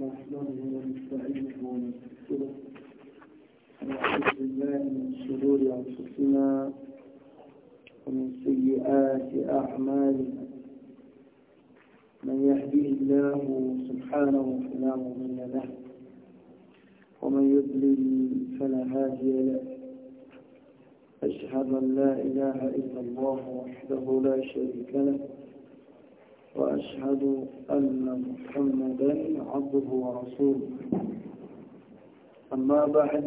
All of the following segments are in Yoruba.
نحمده ونستعينه ونستغفره ونعوذ بالله من شرور انفسنا ومن سيئات اعمالنا من يهديه الله سبحانه فلا مضل له ومن يضلل فلا هادي له اشهد ان لا اله الا الله وحده لا شريك له وأشهد أن محمدا عبده ورسوله أما بعد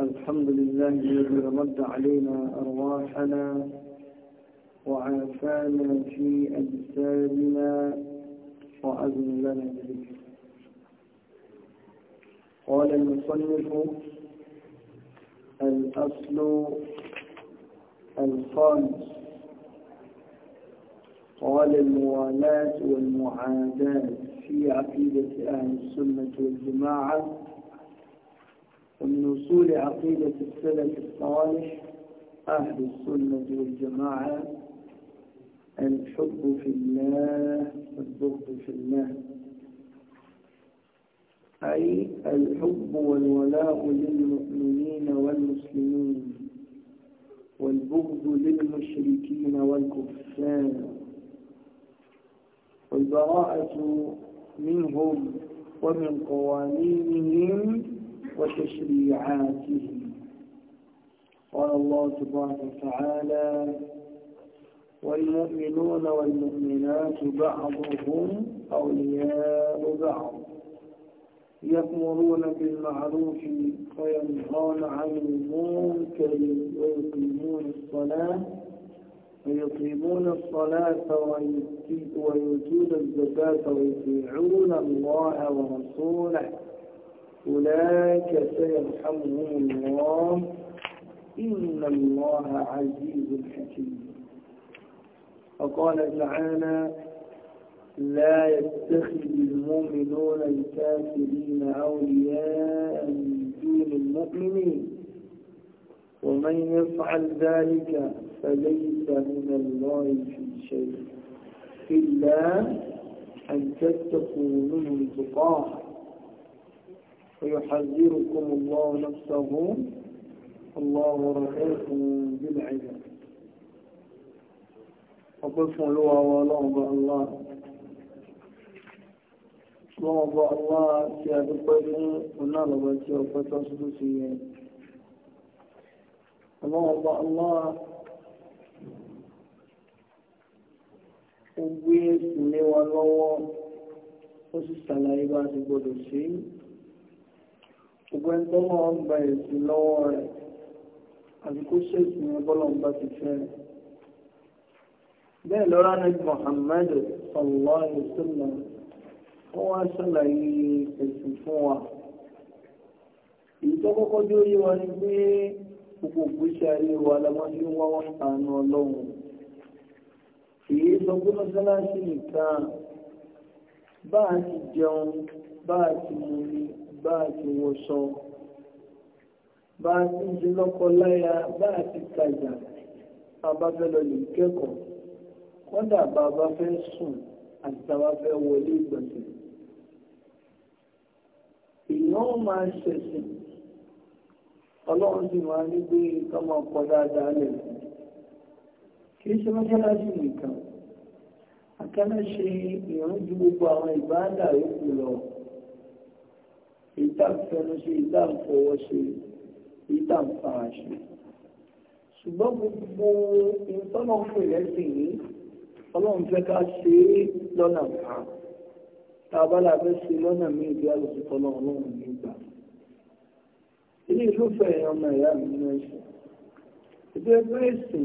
الحمد لله الذي رمد علينا أرواحنا وعافانا في أجسادنا وأذن لنا بذكره قال المصنف الأصل الخامس قال الموالاة والمعاداة في عقيدة أهل السنة والجماعة ومن أصول عقيدة السلف الصالح أهل السنة والجماعة الحب في الله والبغض في الله أي الحب والولاء للمؤمنين والمسلمين والبغض للمشركين والكفار والبراءة منهم ومن قوانينهم وتشريعاتهم قال الله سبحانه وتعالى والمؤمنون والمؤمنات بعضهم أولياء بعض يأمرون بالمعروف وينهون عن المنكر ويقيمون الصلاة ويقيمون الصلاة ويؤتون الزكاة ويطيعون الله ورسوله أولئك سيرحمهم الله إن الله عزيز حكيم وقال تعالى لا يتخذ المؤمنون الكافرين أولياء من دون المؤمنين ومن يفعل ذلك فليس من الله في شيء إلا أن تتقوا منه تقاه ويحذركم الله نفسه الله رفاكم بالعباد وقف لوا ولغب الله لغب الله سيادقين ونغب الله الله الله ó gbé èsù lé wa lọ́wọ́ ó sì ṣàlàyé bá ti gbọdọ̀ sí gbogbo ẹni tó náà ń gba èsù lọ́wọ́ rẹ̀ àti kó ṣèṣù yẹn bọ́lọ̀ ń bá ti fẹ́ bẹ́ẹ̀ lọ́rọ̀ ní Muhammad sallallahu alaihi wasallam wọ́n wá ṣàlàyé èsù fún wa èyí tó kọ́kọ́ dé ó yé wa ni pé gbogbo ògbésí ayé wa la máa ń wá wọn àánú ọlọ́run sọ pé mọ́sálásí nìkan bá a ti jẹun bá a ti mumi bá a ti wọṣọ bá a ti di lọ́kọ láya bá a ti tajà bàbá fẹ́ lọ lè kẹ́kọ̀ọ́ kódà bàbá fẹ́ sùn àti tàwa fẹ́ wọlé ìgbọ̀nsẹ̀. èèyàn máa ṣẹ̀sìn ọlọ́run sì máa ní gbé kọ́mọ ọkọ̀ dáadáa lẹ̀ kí ṣe mọ́sálásí nìkan akẹ́lá ṣe ìrànjú gbogbo àwọn ìbáàdà yòókù lọ ìtàǹfẹ́nu ṣe ìtàǹfọwọ́ ṣe ìtàǹfàà ṣe ṣùgbọ́n gbogbo ìtọ́lọ́fẹ́ rẹ̀ sì ní ọlọ́run fẹ́ ká ṣe é lọ́nà kan tàbá la fẹ́ ṣe lọ́nà míì bí alùpùpù tọ́lọ́ ọlọ́run nígbà ilé ìlúfẹ́ ọmọ ìyá mi ní ẹ̀ṣẹ̀ ìgbẹ́ pẹ́ẹ́sì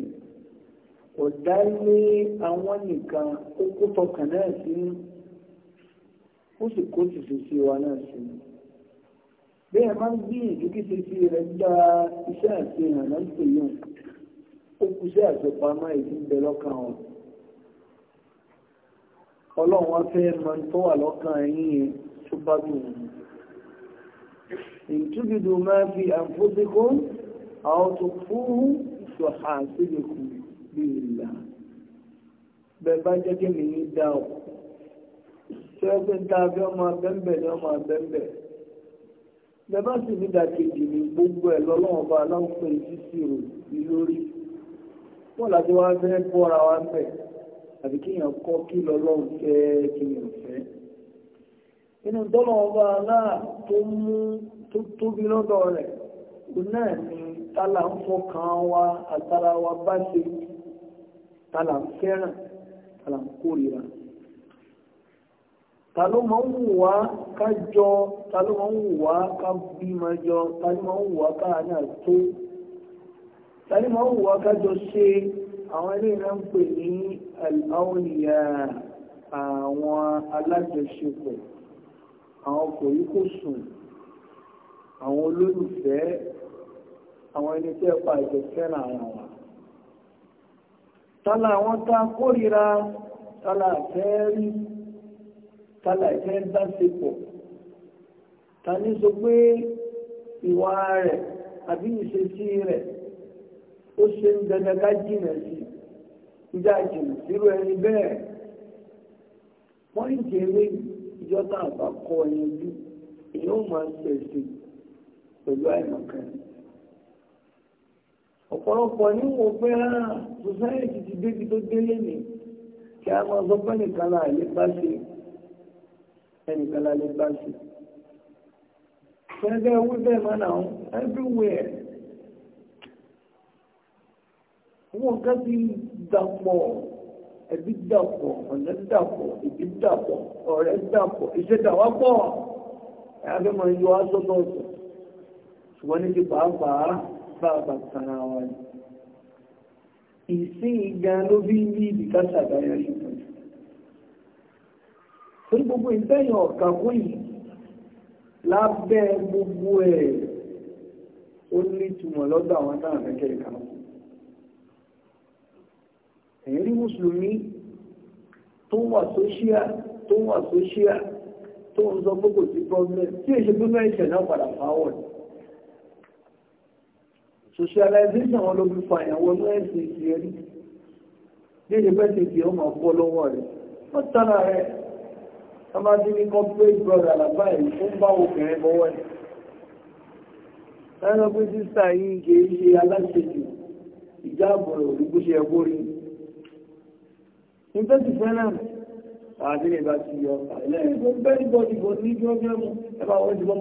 kò dá lé àwọn nìkan ó kó tọkàn náà sínú ó sì kó tìṣe sí wa náà sínú bí ẹ máa ń gbé ìdíkìtì sí rẹ gba iṣẹ́ àfihàn náà ń pè yàn ó kú sí àṣepamọ́ ìdí ń bẹ lọ́kàn wọn ọlọ́run wọn fẹ́ mọ tó wà lọ́kàn yín yẹn tó bá dùn ún ìtúbìdù máa fi àǹfóṣekó àwọn tó fún ìṣọ̀hà síbi kù bíìlà bẹ́ẹ̀ bá jẹ́ kí nìyí dá o ṣé ẹ pé tá a fi ọmọ abẹ́ńbẹ̀ ni ọmọ abẹ́ńbẹ̀ bẹ́ẹ̀ bá sì ní ìdàkejì ní gbogbo ẹ̀ lọ́lọ́wọ́ bá aláwọ̀ pé ìṣísirò ní lórí wọ́n láti wá fẹ́ bọ́ra wa bẹ̀ àbí kíyàn kọ́ kí lọ́lọ́run fẹ́ kíyàn fẹ́ inú tọ́lọ́wọ́ bá aláà tó mú tó tóbi lọ́dọ̀ rẹ̀ òun náà ni tálà ń fọkàn wa àtàrà wa bá ṣe tàlà ń fẹ́ràn tàlà ń kórìíra ta ló máa ń wù wá ká jọ ta ló máa ń wù wá ká bímọ jọ ta ló máa ń wù wá ká náà tó ta ló máa ń wù ká jọ ṣe àwọn eléyìí náà ń pè ní àwòníyà àwọn alájọṣepọ̀ àwọn kò yí kò sùn àwọn olólùfẹ́ àwọn ẹni tẹ́ pa ìjọ fẹ́ràn ara wa tálà àwọn tá kórìíra tálà fẹ́ rí tálà fẹ́ bá ṣe pọ̀ ta ní sọ pé ìwà rẹ̀ àbí ìṣesí rẹ̀ ó ṣe ń dandan ká jìnà sí ìjà sírò ẹni bẹ́ẹ̀ wọ́n ń jèrè ìjọ́ta àbákọ́ ẹni bí èèyàn máa ń pẹ̀lú àìmọ̀kan ọ̀pọ̀lọpọ̀ ní mo pé rárá ah, society ti débi tó délé ni kí a máa sọ pé nìkan náà lè bá ṣe ẹnìkan náà lè bá ṣe fẹ́ẹ́dẹ́ owó bẹ́ẹ̀ máa nà án everywhere owó nǹkan ti dàpọ̀ ẹbí dàpọ̀ ọ̀nà dàpọ̀ ìdí dàpọ̀ ọ̀rẹ́ dàpọ̀ ìṣèdàwápọ̀ ẹ̀ á fẹ́ máa yọ aṣọ lọ́sọ̀ ṣùgbọ́n ní ti pàápàá bàbá tara wa ni ìsìn ìgbà ló bí ní ìdíkà ṣàgbáyà ṣùgbọ́n torí gbogbo ìfẹ́yàn ọ̀kà fún yìí lábẹ́ gbogbo ẹ̀ ó ní túmọ̀ lọ́dọ̀ àwọn táwọn akẹ́kẹ́ ìka ẹ̀yìn rí mùsùlùmí tó wà sóṣíà tó wà sóṣíà tó ń sọ gbogbo sí problem tí èṣe gbogbo ẹ̀ṣẹ̀ náà padà fáwọ̀ ni socialization wọn ló fi fa ìyàwó ní ẹ̀sìn ìsìn ẹ̀rí bí ìdí pẹ́ tètè ọmọ ọ̀pọ̀ lọ́wọ́ rẹ̀ wọ́n tara rẹ̀ a máa dín ní corporate brother àlàbá yìí ó ń bá obìnrin bọ́wọ́ ẹ̀ ẹ̀rọ pé sísá yìí kì í ṣe aláṣejù ìjáàbọ̀ rẹ̀ òdúgbò ṣe ẹ̀kọ́ rí nígbà tí fẹ́ràn àti lè bá ti yọ ẹlẹ́yìn tó bẹ́ẹ̀ bọ́dì bọ́dì ní bí wọ́n fẹ́ mú ẹ bá wọ́n ti bọ́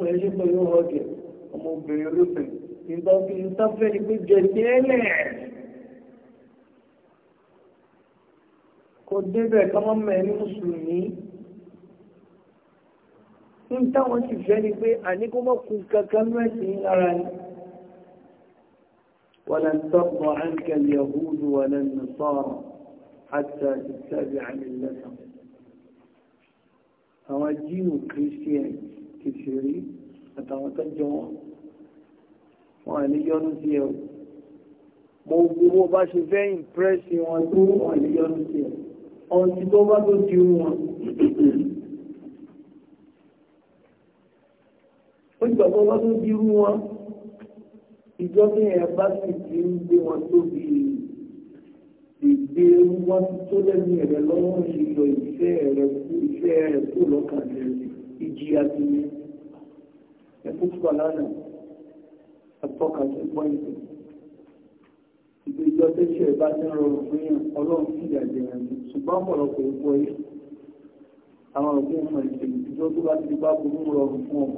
ìbọn kí n tán fẹ́ ni pé jẹ̀dẹ́lẹ̀ kò débẹ̀ kọ́mọ́ mẹ́rin mùsùlùmí ń táwọn sì fẹ́ ni pé àníkó kankan mẹ́sìn lára ni ولن ترضى عنك اليهود ولا النصارى حتى تتبع ملتهم àwọn jíù kírísítíẹ̀n kìfìrí àtàwọn tó jọ wọn ní yọ́nú sí ẹ o mo gbogbo bá ṣe fẹ́ ìpírẹ́sì wọn tó wọn ní yọ́nú sí ẹ ọ̀n tí tó bá tó di wọn ó jọ bọ́ bá tó di irú wọn ìjọba yẹn bá sì ti ń gbé wọn tóbi ìgbé wọn tó lẹ́nu rẹ̀ lọ́wọ́ ìlọ ìfẹ́ rẹ̀ kú ìfẹ́ rẹ̀ kú lọ́kàn rẹ̀ ìjìyà ti ní ẹkú fún àlànà atọ́ka tó gbọ́ ìpè ìgbẹ́jọ́ tó ṣe bá ti rọrùn fún yàn ọlọ́run sì yàjẹ̀ yàn ní ṣùgbọ́n ọ̀pọ̀lọpọ̀ ìgbọ́ yìí àwọn òbí ọmọ ìṣe ìjọ tó bá ti bá burú rọrùn fún ọ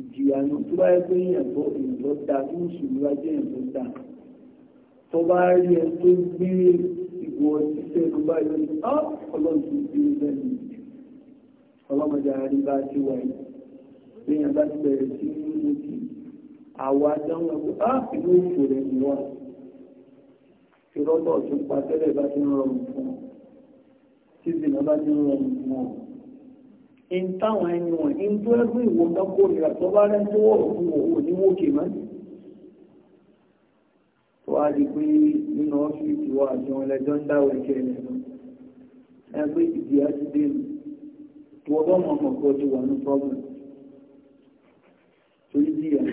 ìjìyà ní tó bá yẹ pé èèyàn tó èèyàn tó dáa tó ń sùn níwájú èèyàn tó dáa tó bá rí ẹ tó gbé ìwọ ṣiṣẹ́ tó bá yọ ní ọ́ ọlọ́run ti gbé e bẹ́ẹ̀ ni ọlọ́mọdé àríwá ti wáyé lẹ́yìn bá ti bẹ̀rẹ̀ sí ní mú ti àwọn adáwọn ẹgbẹ́ á ìlú ìṣòro ìwà ìrọ́lọ́ ọ̀tún pa tẹ́lẹ̀ bá ti rọrùn fún ọ tí ìdìnà bá ti rọrùn fún ọ in táwọn ẹni wọn in tó ẹgbẹ́ ìwọ̀n dákó ìrà tó bá rẹ́ tó wọ̀rọ̀ fún òwò ní wókè mọ́ tó a di pé nínú ọ́fíìsì wa àti wọn lẹ́jọ́ ń dáwọ̀ ẹ̀kẹ́ rẹ̀ ẹgbẹ́ ìdí á ti tó ọgbọ́n mọ̀ ti wà ní pọ́blẹ̀m torí díẹ̀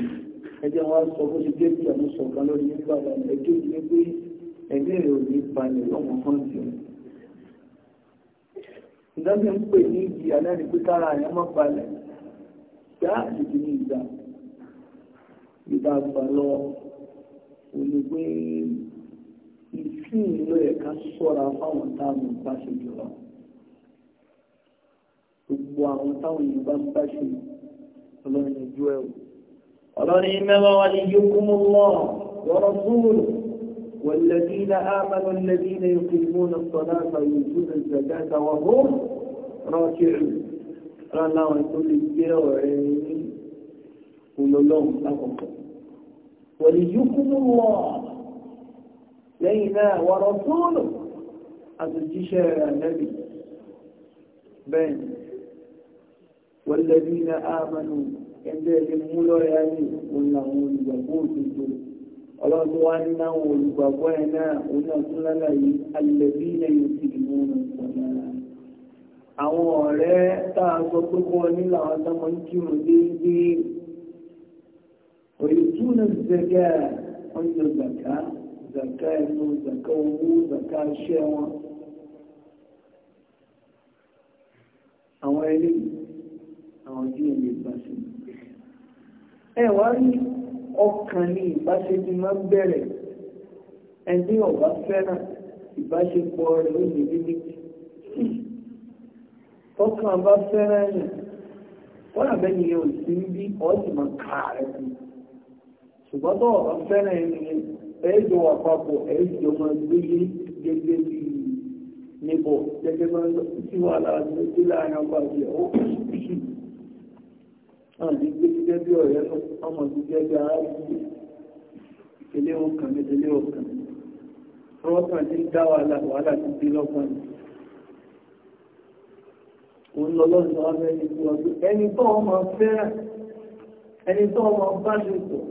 ẹjẹ́ wọn sọ bó ṣe dé bí ọmọ sọ kan lórí nígbà wọn ẹjọ́ ìdílé pé ẹgbẹ́ rẹ̀ ò ní balẹ̀ lọ́mọ kan jù ìdájọ́ ń pè ní ìdí aláàrí pé kára àyàn mọ́ balẹ̀ gbá ìdí ní ìgbà ìgbà àgbà lọ òní pé ìfín ìlú ẹ̀ka sọ́ra fáwọn táwọn bá ṣe jùlọ gbogbo àwọn táwọn yìí bá ń bá ṣe ọlọ́run ẹjọ́ ẹ̀wọ̀ رحمه وليكم الله ورسوله والذين آمنوا الذين يقيمون الصلاة ويؤتون الزكاة وهم راكعون رانا وكل الجوعين قل لهم أمر وليكم الله لينا ورسوله هذا الجشر النبي بين والذين آمنوا ẹgbẹ́ ẹgbẹ́ mú lọ́rẹ̀ ayé òun àwọn olùgbàgbọ́ òdodo ọlọ́run tó wá nínú àwọn olùgbàgbọ́ ẹ̀ náà òun náà tún lálàyé alẹ́bí ilẹ̀ yóò ti di mú un pọ̀nà àwọn ọ̀rẹ́ tá a sọ pé kí wọ́n nílò àwọn sọmọ ń kírun déédéé òye tún zẹ́gẹ́ wọ́n zàká zàká ẹnu zàká owó zàká iṣẹ́ wọn àwọn ẹlẹ́yìn àwọn tí lè gbà sí i ẹ wá rí ọkàn ní ìbáṣe ti máa ń bẹ̀rẹ̀ ẹni ọ̀bá fẹ́ràn ìbáṣepọ̀ rẹ̀ ó lè débi tọ́kàn bá fẹ́ràn ẹ̀yàn wọ́n àbẹ́ni yẹn ò sí ń bí ọ́sì máa kà rẹ̀ sí ṣùgbọ́n tó ọ̀bá fẹ́ràn ẹni yẹn ẹ̀ẹ́dọ̀ wà ẹ̀ẹ́dọ̀ máa gbé gẹ́gẹ́ bí níbọ̀ gẹ́gẹ́ bí wọ́n ti wà láàrin ojú láàrin ọgbà ìyàwó hàn ní gbé gẹ́gẹ́ bí ọ̀rẹ́ ọmọ gẹ́gẹ́ bí aráàlú ilé ọkàn ní ilé ọkàn rọ́ọ̀kàn ti ń dá wàhálà wàhálà ti dé lọ́kàn ní òun lọ́lọ́sọ abẹ́ni tí wọ́n ẹni tó ọmọ fẹ́ràn ẹni tó ọmọ bá ṣe pọ̀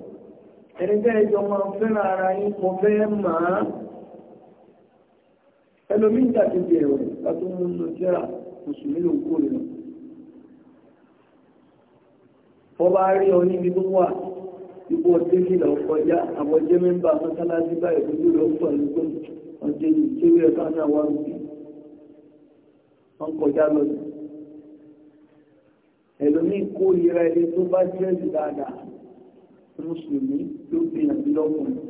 ẹni tẹ́ ẹjọ́ ọmọ fẹ́ràn ara yín mo fẹ́ màá ẹlòmíjà ti bẹ̀rẹ̀ látó mú un lọ jẹ́ra mùsùlùmí ló ń kó lè lọ ó bá rí ọ níbi tó wà ipò ọdún ìlà ọkọjá àwọn jẹ́ mẹ́mbà mọ́sálásí báyìí lójú rẹ̀ ó pọ̀ lójú ọjọ́ ìjẹ́wé ẹ̀ka náà wà rúbí wọ́n kọjá lọ́dún ẹ̀lòmí kó ìrẹ́ ilé tó bá jẹ́ ìdáadáa mùsùlùmí ló gbìyànjú lọ́kùnrin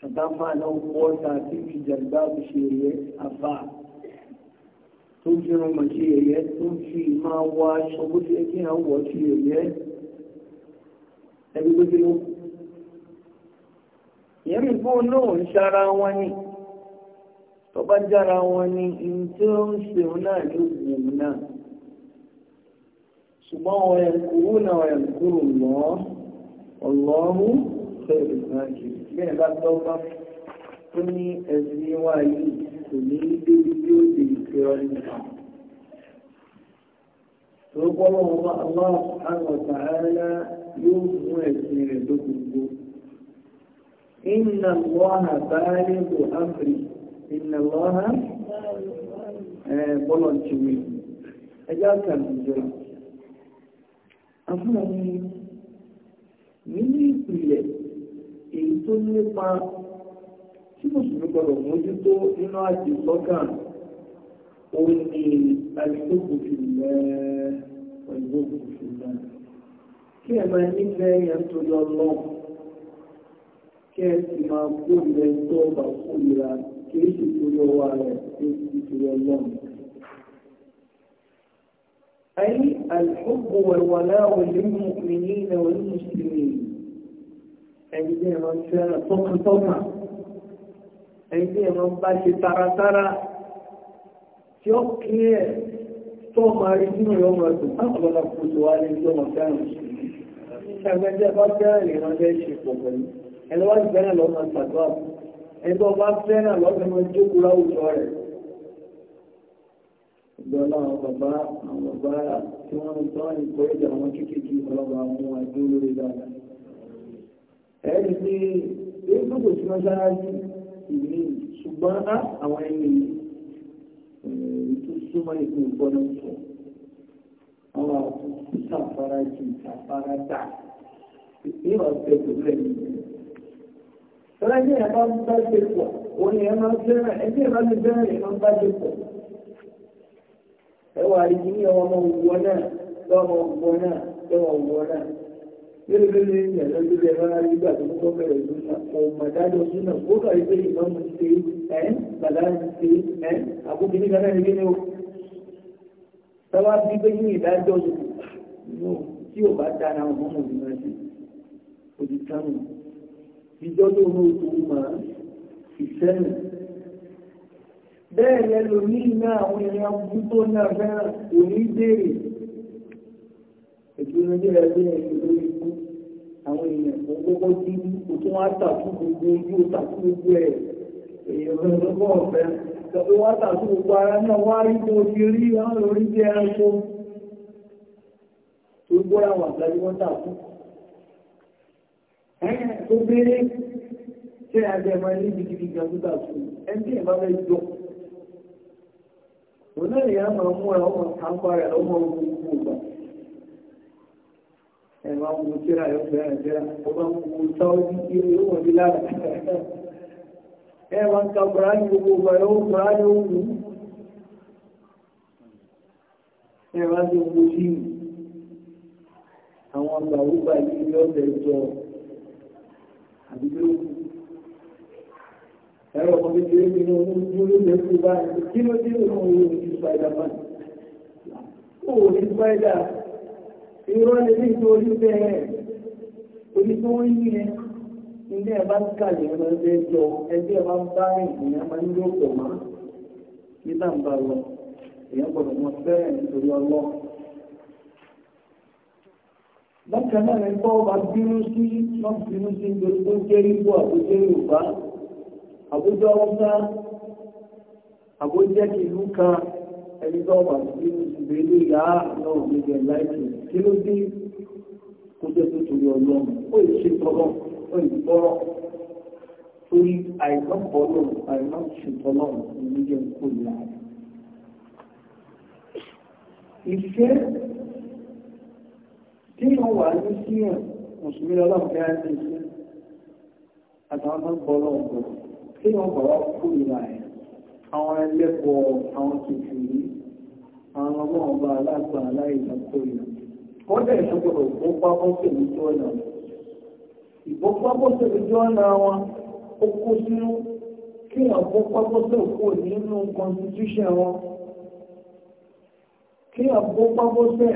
kàtàfà náà pọ́ ta tí ìjàgbá òṣèré àfáà tó fi rán mọ̀ sí ẹ̀yẹ́ tó fi máa wọ aṣọ bó ti ẹkí àwọn wọ̀ sí ẹ̀yẹ́ ẹbí gbogbo ló ìyẹn mi fún náà ń ṣara wọn ni tó bá jára wọn ni ìyẹn tí ó ń ṣe òun náà ló wù ú náà ṣùgbọ́n ọ̀rẹ́ kúrú náà ọ̀rẹ́ kúrú lọ́ ọ̀lọ́rú fẹ́ẹ̀rẹ̀ náà bí ẹ̀ bá tọ́ bá tó ní ẹ̀sìn wáyé kò ní débi tí ó di ìfẹ́ ọ̀rẹ́ tó gbọ́dọ̀ wọn Allah yóò mú ẹ̀sìn rẹ̀ lókùnkùn. Inna Allaha balighu amri. Inna Allaha Ẹjá nínú ìpìlẹ̀ èyí tó nípa tí mùsùlùmí gbọdọ̀ mójútó nínú àjò sọ́kàn òun ni àìsókò fìlẹ̀ ìgbókò fìlẹ̀ kí ẹ máa nífẹ̀ẹ́ yẹn tó lọ lọ kí ẹ sì máa kó ilẹ̀ tó ọba kó ìra kì í sì torí ọwọ́ rẹ̀ kí ó sì torí ọlọ́run. أي الحب والولاء للمؤمنين والمسلمين. أي يعني كان طبعا طبعا ẹni tí ẹ̀rọ bá ṣe taratara tí ó kí ẹ̀ tó máa rí nínú ìwọ̀n máa tó ọ̀pọ̀lọpọ̀ kò tó wá ní ìjọba fẹ́ràn ṣàgbẹ́jẹ́ bá fẹ́ràn ìrànlẹ́ ṣe pọ̀ pẹ̀lú ẹni wá fẹ́ràn lọ́mọ ṣàgbà ẹni tó bá fẹ́ràn lọ́mọ jókòó láwùjọ rẹ̀ ìjọba àwọn bàbá àwọn bàbá tí wọ́n ń tọ́ ìkórèjì àwọn kékeré ọlọ́ba mú àdúró lórí dáadáa ẹ̀rí ni èyí tó kò sí mọ́ṣáláṣí ìní ṣùgbọ́n á àwọn ẹni tó súnmọ́ ìpín ìgbọ́nà sọ àwọn àtúnṣàfara jù àfara dà ìwà ọ̀sẹ̀kù rẹ̀ nìyẹn. Sọ́lájì ẹ̀ bá ń bá ṣe pọ̀, òun ni ẹ máa fẹ́ràn, ẹgbẹ́ ẹ̀ bá ti fẹ́ràn ẹ̀ máa ń bá ṣe pọ̀. Ẹ wà ní ọmọ òwúwọ́ náà, lọ́mọ òwúwọ́ náà, lọ́mọ òwúwọ́ náà lórílẹ̀ ìyàtọ̀ tó jẹ rárá nígbà tó kọ́kọ́ bẹ̀rẹ̀ lónà ọmọ ìdájọ́ súnà ó kà wípé ìmọ̀mù ṣe ẹ́ bàbá ṣe ẹ́ àbúkí nígbà náà nígbà náà tọ́wá bí pé ní ìdájọ́ nù tí ò bá dára ọmọ mọ̀ ní máa ṣe òdì kánù ìjọ tó ń mú òkú máa ìṣẹ́nu bẹ́ẹ̀ lẹ́lòmíì náà àwọn èèyàn bú tó náà fẹ́ràn òní béèrè ìdúró ní ẹgbẹ́ ìdúró ikú àwọn èèyàn tó kókó tí o tún wá tàtú gbogbo ojú o tàtú gbogbo ẹ̀ èèyàn tó gbogbo ọ̀fẹ́ tọ́pẹ́ wá tàtú gbogbo ara náà wá rí bó ti rí wọn lórí bí ẹranko tó gbọ́ àwọn àgbáyé wọn tàtú. ẹ̀yìn tó gbére ṣé àgbẹ̀mọ ilé gidigidi gan tó tàtú ẹni tí ìbá fẹ́ jọ òun náà ìyá máa mú ẹ ọmọ kan ẹ̀rọ àwọn ọmọ tíra yóò fẹ́ràn tíra ó bá ń wo sáwọ́dí irú yóò wọ̀n sí lára ẹ̀wọ̀n ka bùrá ní gbogbo ọgbà yóò bùrá ní òwú ẹ̀wọ̀n ti wo sí àwọn àgbà wúgbà yìí yóò fẹ́ jọ àdúgbò ẹ̀rọ ọmọ kékeré mi ní ọdún dúró lẹ́kùn báyìí kí ló dé òun òun spider man òun spider man irọ́ lè ní ìtorí bẹ́ẹ̀ orí tó ń yí ẹ ilé ẹ̀ bá ń kàlẹ̀ ẹ̀rọ ẹgbẹ́ jọ ẹgbẹ́ ẹ̀ bá ń bá ìgbìyàn máa ń yóò pọ̀ máa nígbà ń bá lọ èèyàn gbọ́dọ̀ mọ fẹ́rẹ̀ nítorí ọlọ́ bákan náà ẹ̀ bọ́ bá bínú sí wọ́n bínú sí nítorí tó jẹ́ ibò Yorùbá àbújá ọ̀sá àbújá ìlú kan ẹni tó wà sí ìgbélé ìyá náà níbi ẹ̀láìsì kí ló dé kó jẹ́ tó torí ọlọ́run ó lè ṣe tọ́lọ́ ó lè gbọ́rọ̀ torí àìgbọ́kọ̀ọ́lọ́ àìmọ́ṣetọ́lọ́ oníjẹ́ kò ní ààrẹ. Ìfẹ́ tí wọ́n wà ní síyàn mùsùlùmí ọlọ́run fẹ́ àti ìṣẹ́ àtàwọn tó ń bọ́ ọlọ́run tí wọ́n bọ̀ wá kò ní ààrẹ àwọn ẹlẹ́kọ̀ọ́ àwọn tuntun yìí àwọn ọmọ ọba alágbà aláìlàpọ̀ yìí kọ́dẹ̀ ìṣọ́gbọ̀rọ̀ ìgbópábọ́sẹ̀ lójú ọ̀nà ìgbópábọ́sẹ̀ lójú ọ̀nà wọn ó kó sínú kí wọ́n gbópábọ́sẹ̀ kò nínú constitution wọn kí wọ́n gbópábọ́sẹ̀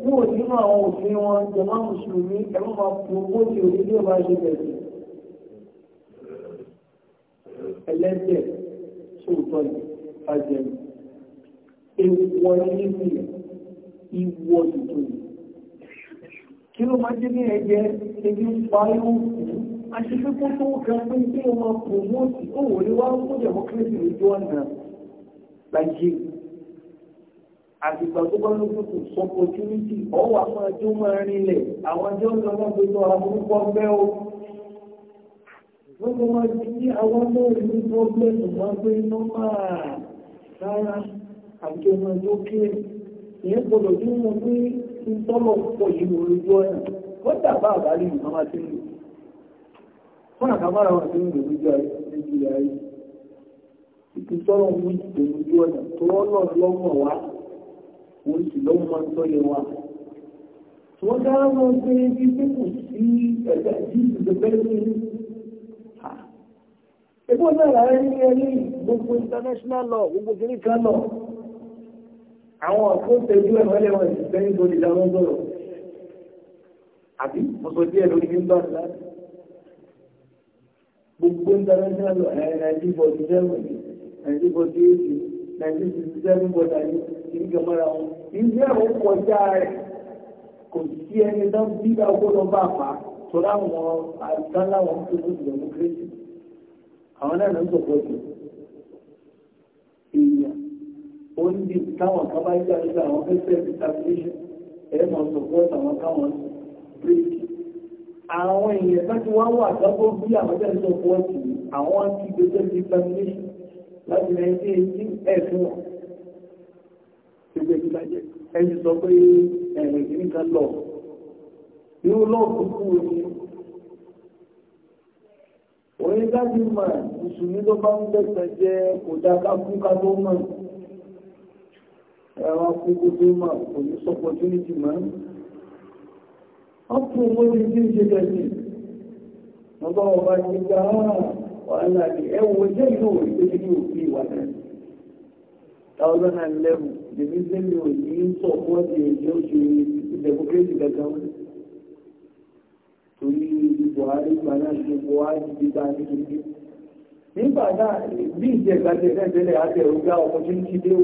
kúrò nínú àwọn òfin wọn jọmọ́ mùsùlùmí ẹ̀rọ máa pòwó tí orílẹ̀-èdè bá ṣe bẹ̀rẹ̀ ẹlẹ́dẹ̀ẹ́ sóòótọ́ yìí fàjẹ̀mù ewọ nínú ìwọ tuntun kí ló máa jẹ́ ní ẹgbẹ́ ebi ń pa irun fún aṣífẹ́kọ́ tó ga pé kí o máa promote ó wò ní wá ń kó democracy lójú ọ̀nà láyé àgbègbà tó bá lókun kò sọ opportunity ọ̀wà máa jó máa rinlẹ̀ àwọn ẹjọ́ ń lọ mọ́ gbogbo àwọn orúkọ bẹ́ẹ̀ o wọ́n tó wọ́n ti ní àwọn mẹ́rin ní pọ́blẹ́mù wá pé nọ́mbà rárá àti ọmọ tó kéré ìyẹn gbọdọ̀ tí wọ́n pé ń tọ́lọ̀ pọ̀ yìí mo lójú ọ̀nà wọ́n dàbá àbálẹ̀ ìmọ̀ máa ti ń lò fún àkàbára wọn ti ń lò lójú ayé lójú ayé ìtúsọ́rọ̀ mú ìdè lójú ọ̀nà tó ọlọ́ lọ́mọ̀ wá wọ́n sì lọ́mọ máa ń tọ́lé wa wọ́n dáhùn pé bí pé kò sí ẹ̀dá ìdí ìdẹ́gbẹ́rẹ́ Ebó náà lára ní ẹni gbogbo international law gbogbo kìíní kan lọ. Àwọn ọ̀tún tẹ̀jú ẹ̀ mọ́lẹ̀ wọn sì fẹ́ nítorí ìdáwọ́ sọ̀rọ̀. Àbí mo sọ díẹ̀ lórí ní bá ńlá. Gbogbo international law ẹ̀ nineteen forty seven nineteen forty eight nineteen sixty seven bọ́dà ní kìíní kan mọ́ra wọn. Ìjẹ́ àwọn kọjá rẹ̀ kò sí ẹni tó ń bí ká kó lọ bá a fà á. Sọlá àwọn àìsàn láwọn tó àwọn náà ń gbọ̀gbọ̀ jù èèyàn ó ń di táwọn kan bá yíyá nígbà àwọn fẹ́fẹ́ determination ẹ̀ mọ̀ support àwọn káwọn break àwọn èèyàn bá ti wá wà lọ́gbọ́ bí àwọn jẹ́ support àwọn ti gbèsè determination láti rẹ̀ ní ẹ̀sìn ẹ̀sìn wọn gbogbo ẹ̀sìn bàjẹ́ ẹ̀sìn sọ òun dájú mà mùsùlùmí ló bá ń bẹ̀sẹ̀ jẹ́ kò dáká fún ká tó mọ̀ ẹ̀rọ kúkú tó mọ̀ kò ní sọpọ̀ tó ní ti mọ̀ ọ́pùn owó ní tí ń ṣe tẹ̀sí ọba ọba ti gba ah, wàhálà ní ẹwọ jẹ́ ìlú òyìnbó ní òfin ìwà náà thousand and eleven the muslim yóò ní sọ̀pọ̀ ti ẹ̀jẹ̀ torí buhari gbaná gbogbo wa ti gba ní kíkí nígbà náà bí ìjẹgbàjẹ náà tẹ́lẹ̀ àtẹ̀ ọgá opportunity dé o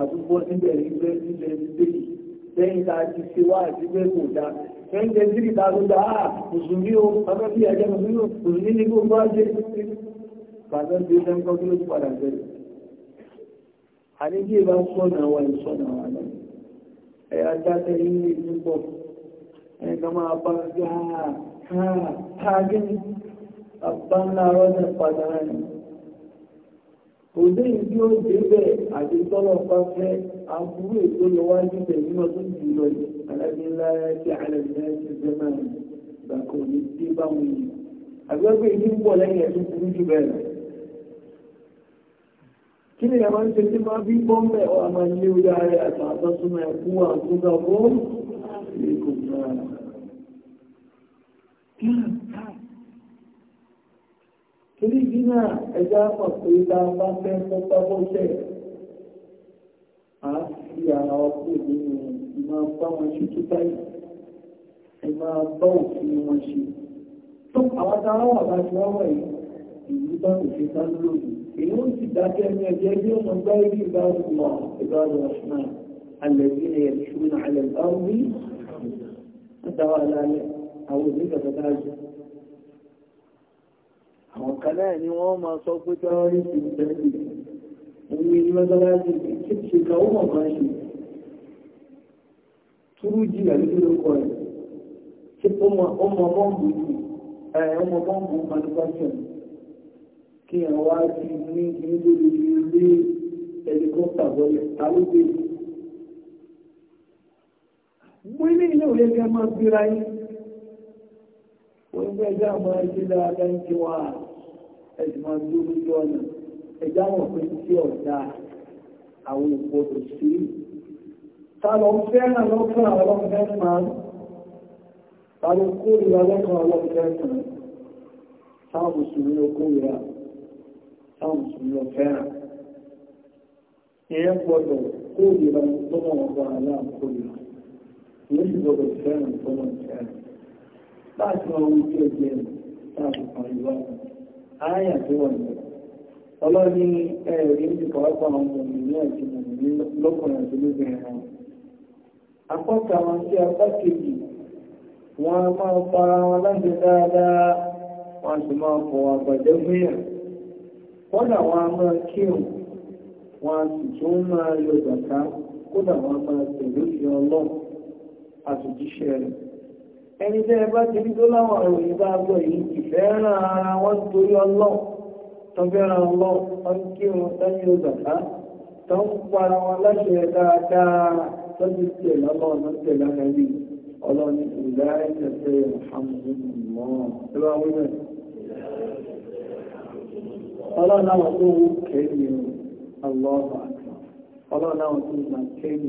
àtúbọ̀ síbẹ̀ ní twenty twenty three lẹ́yìn tá a ti ṣe wá àti pé kò dá twenty twenty three ta ló dá a ah, mùsùlùmí o bàbá bí ẹ̀jẹ̀ mùsùlùmí o mùsùlùmí ní kó bá jẹ́ bàbá bí ẹ̀jẹ̀ nǹkan tó ló ti padà bẹ̀rẹ̀. àdéjì bá sọ̀nà wa ìsọ̀nà wa náà ẹ̀yà jáde ní ìlú pọ̀ ẹ̀kọ́ máa bá gbáà káàkiri àbá ńlá rọ́dẹ̀ padà rẹ̀ kò dé ìdí ó débẹ̀ àti tọ́lọ̀ bá fẹ́ àbúrò ètò lọ́wájú tẹ̀lé náà tó jù lọ alábíńlá ti àlẹ́bíńlá ti zẹ́mà gbàkó ní dé báwọn yìí àgbẹ́gbẹ́ ìdí ń bọ̀ lẹ́yìn ẹ̀sùn burú jù bẹ́ẹ̀ lọ kí ni àwọn ń ṣe tí máa bí torí bí náà ẹja pọ̀ pé bá a bá fẹ́ kọ́kọ́ bó ṣẹ̀ á fi ara ọkọ̀ nínú ìmọ̀ bá wọn ṣe tó báyìí ẹ máa bá òfin wọn ṣe tó àwọn táwọn wà bá ti wá yìí ìlú bá kò ṣe sáré lòdì èyí ó dákẹ́ ní ẹ̀jẹ̀ bí ó mọ̀ àwọn òní kàtàkà jù àwọn kan náà ni wọ́n máa sọ pé tẹ́wọ́rí ti ń tẹ́lẹ̀ òun ni mọ́sálásí tí ṣe ka ó mọ̀ máa ṣe túrú jì àdúgbò lóko ẹ̀ tí ọmọ bọ́ǹbù yìí ọmọ bọ́ǹbù manufacturing kí ẹ̀ wá sí ní nílé ilé ẹlikọ́pítà bọ́lẹ̀ tàbí gbé mú ilé ilé òye kẹ́ máa gbéra yìí ẹjá a ṣe dáadáa ń ti wá ẹ̀sìn máa dúró lójú ọ̀nà ẹjá wọn pé tí ọ̀dà àwọn ìgbọ̀dọ̀ sí. Ta lọ fẹ́ràn lọ́kàn àwọn mẹ́sàn-án? Ta ló kórìíra lọ́kàn àwọn mẹ́sàn-án? Táwọn mùsùlùmí ló kórìíra, táwọn mùsùlùmí ló fẹ́ràn. Ìyẹn gbọ́dọ̀ kórìíra tọ́mọ̀ ọ̀gá aláàkórìíra. Ìyẹn sì a fẹ́ràn tọ́mọ̀ ìfẹ́ràn. láti ọwọ́ ọlọ́ni ẹ̀rí ti àwọn ọmọ àti lọ́kùnrin àti lóbìnrin kejì, wọ́n a máa para wọn láti dáadáa, wọ́n sì máa fọ àgbàjẹ́ fún yà. Kódà wọn máa kírun, ẹni tẹ́ ẹ bá ti rí tó láwọn ìròyìn bá gbọ́ yìí ìfẹ́ ràn ara wọn torí ọlọ́run tán fẹ́ ràn ọlọ́run wọn kí wọn sáyé ògbàká tán para wọn láṣẹ dáadáa lọ́jọ́ sí ẹ̀ lọ́lọ́run tó tẹ̀ lánàá yìí ọlọ́run ìgbà ọlọ́run àwọn tó wú kẹ́yìn ọlọ́run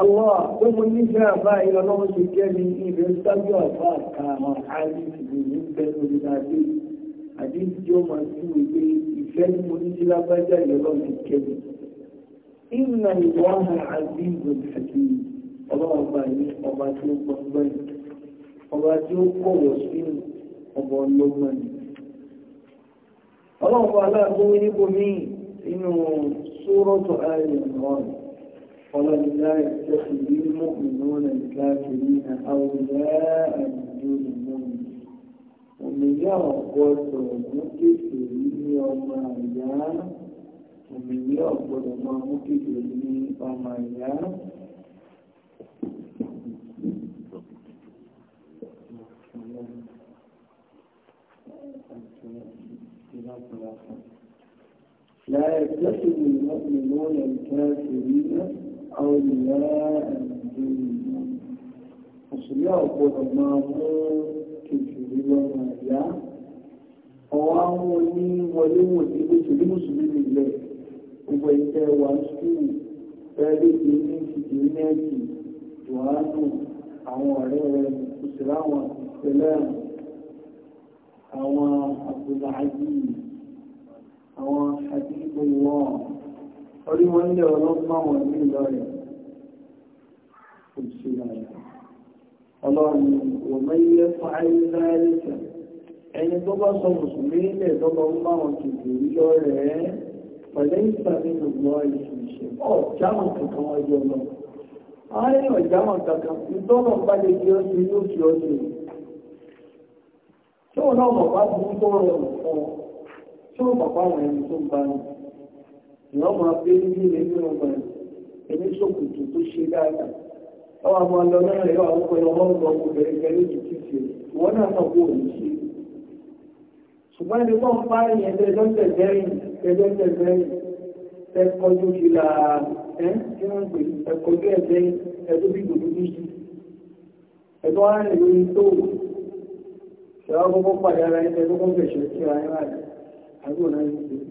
àwọn àkómọ nífẹ̀ẹ́ àbá ìrọ̀lọ́wọ́ ṣe jẹ́ ní ibẹ̀ sábẹ́ àbá àkàmọ̀ àìsìnkú ní bẹ́ẹ̀ lórí adé àdéhùn tí ó máa ń tú ìwé ìfẹ́ ní mo ní sí lágbájá ìrọ̀lọ́wọ́ ṣe jẹ́ mi. ìnà ìwà àwọn àdéhùn àti ọlọ́ọ̀bà ní ọba tí ó gbọ́ngbọ́n ní ọba tí ó kọ̀wọ̀ sínú ọba ọlọ́gbọ́n ọlọ́ọ̀bà لا يتخذ المؤمنون الكافرين أولياء من دون المؤمنين ومن يرى قوته المكفرين وما أيام ومن يرى قوته المكفرين وما أيام لا يتخذ المؤمنون الكافرين أولياء الدين أصلياء قرآن kìtìrí lọ́nà ìyá ọwọ́ àwọn oní wọléwòsí ló ti rí mùsùlùmí nílẹ̀ gbogbo ìtẹ́ wà sùúrù fẹ́ẹ́lì tí ní kìtìrí nẹ́ẹ̀kì jòhánù àwọn ọ̀rẹ́ rẹ̀ kùsìlá àwọn wọn orí wọn nílẹ̀ ọlọ́gbọ́n wọn ní ìlọrin kò sí láyé ọlọ́run òmẹ́yẹ fún ayélujára ẹni tó bá sọ mùsùlùmí ilẹ̀ tọ́gbọ́ ń bá wọn kìkì lọ rẹ̀ pẹ̀lẹ́ ìsàmì gbogbo ìṣẹ̀ṣẹ̀ ọ̀jáwọn kankan wọn jọ lọ àárín ọ̀jáwọn kankan ìtọ́nà bá lè fi ọdún yóò fi ọdún tí wọn náà mọ̀ bá burú tó rọrùn fún ọ tí wọn mọ̀ bá tó ń bá wọn ìwọ́n máa pé ní ilé ní ọgbà ẹni ṣòkòtò tó ṣe dáadáa ọwọ́ àwọn ọmọ náà rẹ̀ wà wọ́pọ̀ ẹ̀rọ ọmọ ọmọ obìnrin pẹ̀lú ìdìtì ṣe ìwọ́n náà mọ̀ kó òun ṣe. ṣùgbọ́n ẹni wọ́n bá yẹn tẹ lọ́sẹ̀ bẹ́rìn tẹ lọ́sẹ̀ bẹ́rìn tẹ kọjú ìlà tí wọ́n pè é kọjú ẹ̀ bẹ́rìn ẹ̀ tó bí gbòdú níṣu ẹ̀tọ́ á rìn lórí tó ṣe wá kọ́kọ́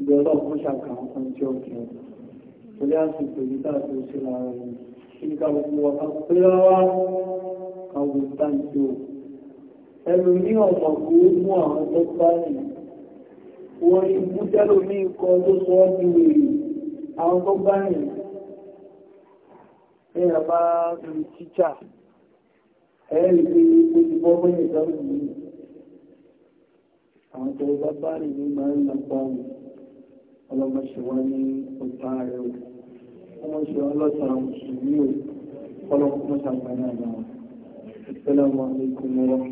ibi ọlọ́pùn ṣàkàwọn fún ìjọ òkè torí àsìkò yìí dáàbò sí ara rẹ̀ kí ní ká gbogbo wa ká pé rárá àwọn ìtàǹtì ò ẹnu ní ọ̀pọ̀ kó mú àwọn tó bá rìn wọ́n ibú tẹ́lò ní ikọ̀ tó sọ ọ́ di wèrè àwọn tó bá rìn ẹ̀yà bá rí tíjà ẹ̀rì pé ó ti bọ́ mọ́ ìdáhùn yìí àwọn tó bá bá rìn ní máa ń lọ bá rìn ọlọ́mọṣẹ́ wọn ní ọ̀tá rẹ̀ o ọmọṣẹ́ ọlọ́sàn mùsùlùmí o ọlọ́mọṣẹ́ àgbáyé àgbà wọn ìpínlẹ̀ wọn